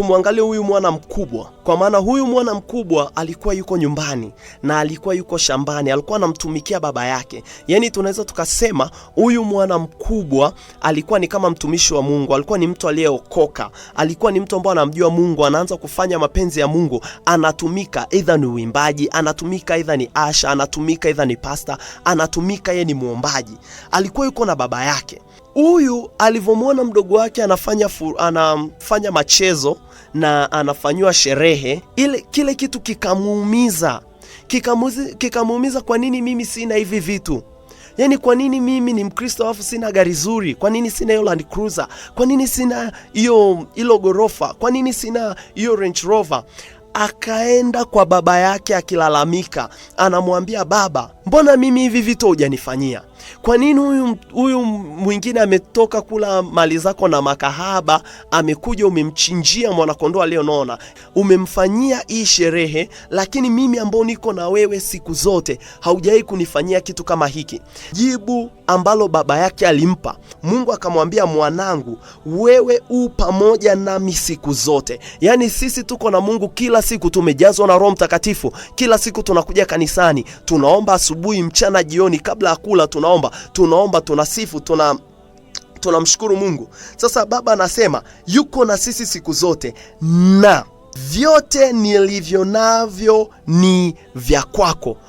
tumwangalie huyu mwana mkubwa kwa maana huyu mwana mkubwa alikuwa yuko nyumbani na alikuwa yuko shambani, alikuwa anamtumikia baba yake. Yaani tunaweza tukasema huyu mwana mkubwa alikuwa ni kama mtumishi wa Mungu, alikuwa ni mtu aliyeokoka, alikuwa ni mtu ambaye anamjua Mungu, anaanza kufanya mapenzi ya Mungu, anatumika, aidha ni uimbaji, anatumika aidha ni asha, anatumika aidha ni pasta, anatumika yeye ni muombaji, alikuwa yuko na baba yake. Huyu alivyomwona mdogo wake anafanya, anafanya machezo na anafanyiwa sherehe sherehe ile, kile kitu kikamuumiza, kikamuumiza. Kwa nini mimi sina hivi vitu? Yaani, kwa nini mimi ni Mkristo alafu sina gari zuri? Kwa nini sina hiyo Land Cruiser? Kwa nini sina hiyo hilo ghorofa? Kwa nini sina hiyo Range Rover? akaenda kwa baba yake akilalamika, anamwambia baba, mbona mimi hivi vitu hujanifanyia? Kwa nini huyu huyu mwingine ametoka kula mali zako na makahaba, amekuja umemchinjia mwanakondoo aliyonona, umemfanyia hii sherehe, lakini mimi ambao niko na wewe siku zote haujawahi kunifanyia kitu kama hiki? Jibu ambalo baba yake alimpa Mungu akamwambia mwanangu, wewe u pamoja nami siku zote. Yaani sisi tuko na Mungu kila siku, tumejazwa na Roho Mtakatifu kila siku, tunakuja kanisani, tunaomba asubuhi, mchana, jioni, kabla ya kula tunaomba, tunaomba, tunasifu, tuna tunamshukuru Mungu. Sasa Baba anasema yuko na sisi siku zote na vyote nilivyo navyo ni vya kwako.